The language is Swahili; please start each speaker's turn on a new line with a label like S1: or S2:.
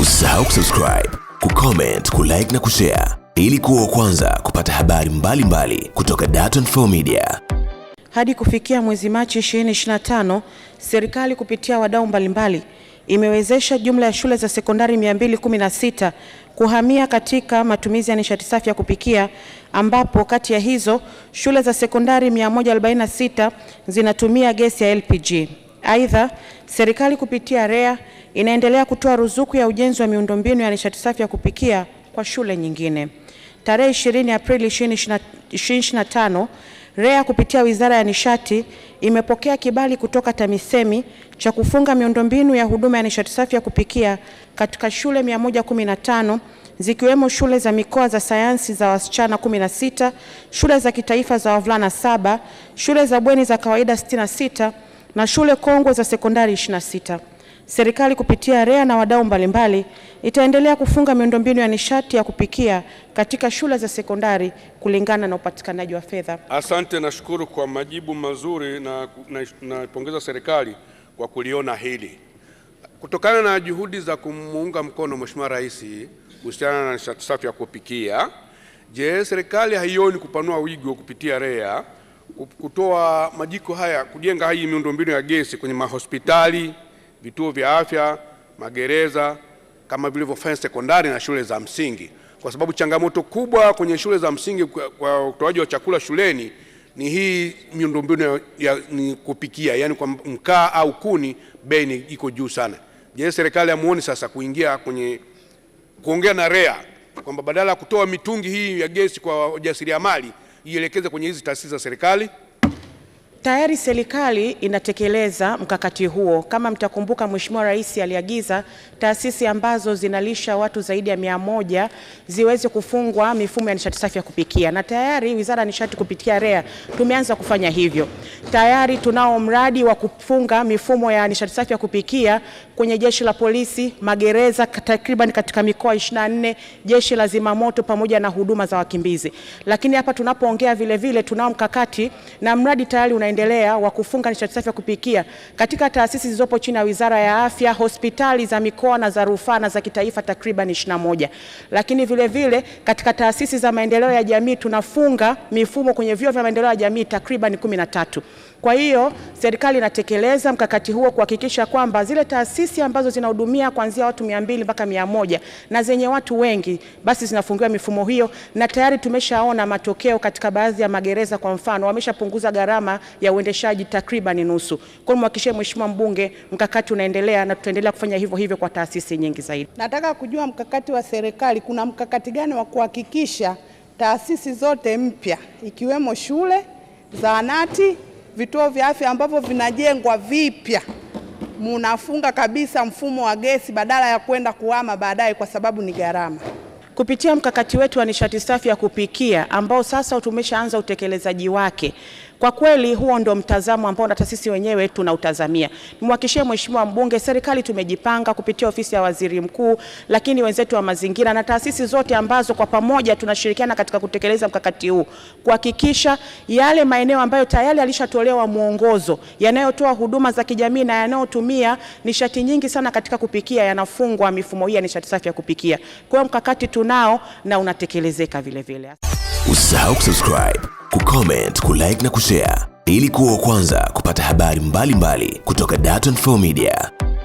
S1: Usisahau kusubscribe, kucomment, kulike na kushare ili kuwa kwanza kupata habari mbalimbali mbali kutoka Dar24 Media.
S2: Hadi kufikia mwezi Machi 2025, serikali kupitia wadau mbalimbali imewezesha jumla ya shule za sekondari 216 kuhamia katika matumizi ya nishati safi ya kupikia ambapo kati ya hizo shule za sekondari 146 zinatumia gesi ya LPG. Aidha, serikali kupitia REA inaendelea kutoa ruzuku ya ujenzi wa miundombinu ya nishati safi ya kupikia kwa shule nyingine. Tarehe 20 Aprili 2025, REA kupitia Wizara ya Nishati imepokea kibali kutoka TAMISEMI cha kufunga miundombinu ya huduma ya nishati safi ya kupikia katika shule 115 zikiwemo shule za mikoa za sayansi za wasichana 16, shule za kitaifa za wavulana saba, shule za bweni za kawaida 66 na shule kongwe za sekondari 26. Serikali kupitia REA na wadau mbalimbali itaendelea kufunga miundombinu ya nishati ya kupikia katika shule za sekondari kulingana na upatikanaji wa fedha.
S3: Asante, nashukuru kwa majibu mazuri na naipongeza na serikali kwa kuliona hili. Kutokana na juhudi za kumuunga mkono Mheshimiwa Rais kuhusiana na nishati safi ya kupikia, je, serikali haioni kupanua wigo kupitia REA kutoa majiko haya, kujenga hii miundombinu ya gesi kwenye mahospitali, vituo vya afya, magereza kama vilivyofanya sekondari na shule za msingi, kwa sababu changamoto kubwa kwenye shule za msingi kwa utoaji wa chakula shuleni ni hii miundombinu ya ni kupikia, yani kwa mkaa au kuni, bei iko juu sana. Je, serikali amuone sasa kuingia kwenye kuongea na REA kwamba badala ya kutoa mitungi hii ya gesi kwa wajasiriamali ielekeze kwenye hizi taasisi za serikali.
S2: Tayari serikali inatekeleza mkakati huo. Kama mtakumbuka, Mheshimiwa Rais aliagiza taasisi ambazo zinalisha watu zaidi ya mia moja ziweze kufungwa mifumo ya nishati safi ya kupikia, na tayari Wizara ya Nishati kupitia REA tumeanza kufanya hivyo. Tayari tunao mradi wa kufunga mifumo ya nishati safi ya kupikia kwenye Jeshi la Polisi, magereza takriban katika mikoa 24, Jeshi la Zimamoto pamoja na huduma za wakimbizi. Lakini hapa tunapoongea, vile vile tunao mkakati na mradi tayari una unaoendelea wa kufunga nishati safi ya kupikia katika taasisi zilizopo chini ya Wizara ya Afya, hospitali za mikoa na za rufaa na za kitaifa takriban 21. Lakini vile vile katika taasisi za maendeleo ya jamii tunafunga mifumo kwenye vyuo vya maendeleo ya jamii takriban 13. Kwa hiyo serikali inatekeleza mkakati huo kuhakikisha kwamba zile taasisi ambazo zinahudumia kuanzia watu 200 mpaka 100 na zenye watu wengi basi zinafungiwa mifumo hiyo, na tayari tumeshaona matokeo katika baadhi ya magereza. Kwa mfano, wameshapunguza gharama ya uendeshaji takriban nusu. Kwa hiyo mwakishie mheshimiwa mbunge, mkakati unaendelea na tutaendelea kufanya hivyo hivyo kwa taasisi nyingi zaidi.
S4: Nataka kujua mkakati wa serikali, kuna mkakati gani wa kuhakikisha taasisi zote mpya ikiwemo shule, zahanati, vituo vya afya ambavyo vinajengwa vipya munafunga kabisa mfumo wa gesi badala ya kwenda kuhama baadaye, kwa sababu ni gharama.
S2: Kupitia mkakati wetu wa nishati safi ya kupikia ambao sasa tumeshaanza utekelezaji wake, kwa kweli huo ndio mtazamo ambao hata sisi wenyewe tunautazamia. Nimhakikishie Mheshimiwa Mbunge, serikali tumejipanga kupitia ofisi ya Waziri Mkuu, lakini wenzetu wa mazingira na taasisi zote ambazo kwa pamoja tunashirikiana katika kutekeleza mkakati huu kuhakikisha yale maeneo ambayo tayari alishatolewa mwongozo yanayotoa huduma za kijamii na yanayotumia nishati nyingi sana katika kupikia yanafungwa mifumo hii ya nishati safi ya kupikia. Kwa mkakati tuna nao na unatekelezeka vile vile. Usisahau kusubscribe, kucomment, kulike na kushare ili kuwa wa kwanza kupata habari mbalimbali mbali kutoka Dar24 Media.